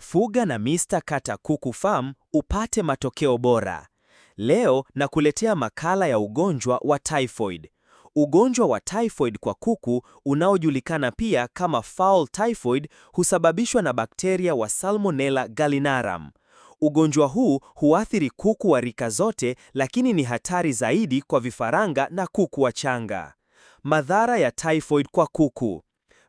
Fuga na Mr. Kata Kuku Farm upate matokeo bora. Leo nakuletea makala ya ugonjwa wa typhoid. Ugonjwa wa typhoid kwa kuku unaojulikana pia kama fowl typhoid husababishwa na bakteria wa Salmonella gallinarum. Ugonjwa huu huathiri kuku wa rika zote, lakini ni hatari zaidi kwa vifaranga na kuku wachanga. Madhara ya typhoid kwa kuku: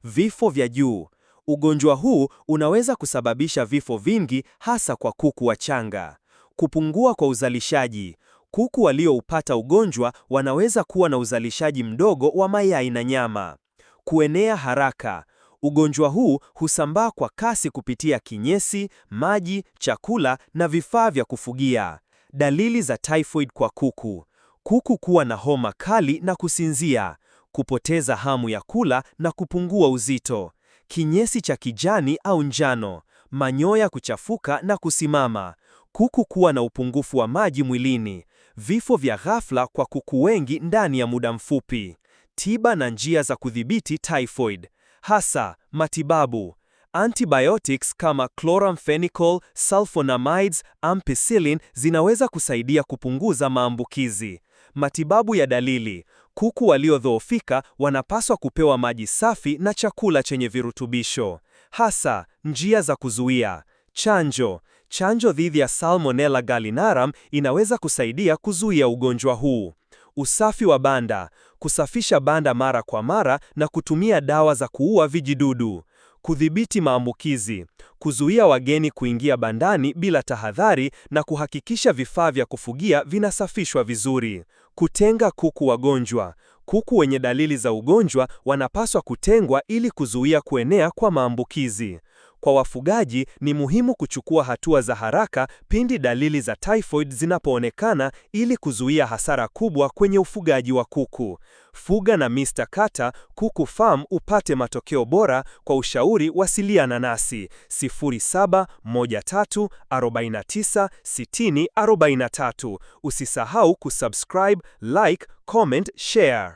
vifo vya juu Ugonjwa huu unaweza kusababisha vifo vingi hasa kwa kuku wachanga. Kupungua kwa uzalishaji. Kuku walioupata ugonjwa wanaweza kuwa na uzalishaji mdogo wa mayai na nyama. Kuenea haraka. Ugonjwa huu husambaa kwa kasi kupitia kinyesi, maji, chakula na vifaa vya kufugia. Dalili za typhoid kwa kuku. Kuku kuwa na homa kali na kusinzia, kupoteza hamu ya kula na kupungua uzito kinyesi cha kijani au njano, manyoya kuchafuka na kusimama, kuku kuwa na upungufu wa maji mwilini, vifo vya ghafla kwa kuku wengi ndani ya muda mfupi. Tiba na njia za kudhibiti typhoid, hasa matibabu Antibiotics kama chloramphenicol, sulfonamides, ampicillin zinaweza kusaidia kupunguza maambukizi. Matibabu ya dalili: kuku waliodhoofika wanapaswa kupewa maji safi na chakula chenye virutubisho. Hasa njia za kuzuia chanjo. Chanjo dhidi ya Salmonella gallinarum inaweza kusaidia kuzuia ugonjwa huu. Usafi wa banda, kusafisha banda mara kwa mara na kutumia dawa za kuua vijidudu kudhibiti maambukizi, kuzuia wageni kuingia bandani bila tahadhari na kuhakikisha vifaa vya kufugia vinasafishwa vizuri, kutenga kuku wagonjwa. Kuku wenye dalili za ugonjwa wanapaswa kutengwa ili kuzuia kuenea kwa maambukizi. Kwa wafugaji ni muhimu kuchukua hatua za haraka pindi dalili za typhoid zinapoonekana ili kuzuia hasara kubwa kwenye ufugaji wa kuku. Fuga na Mr. Kata Kuku Farm upate matokeo bora. Kwa ushauri wasiliana nasi 0713496043. Usisahau kusubscribe, like, comment, share.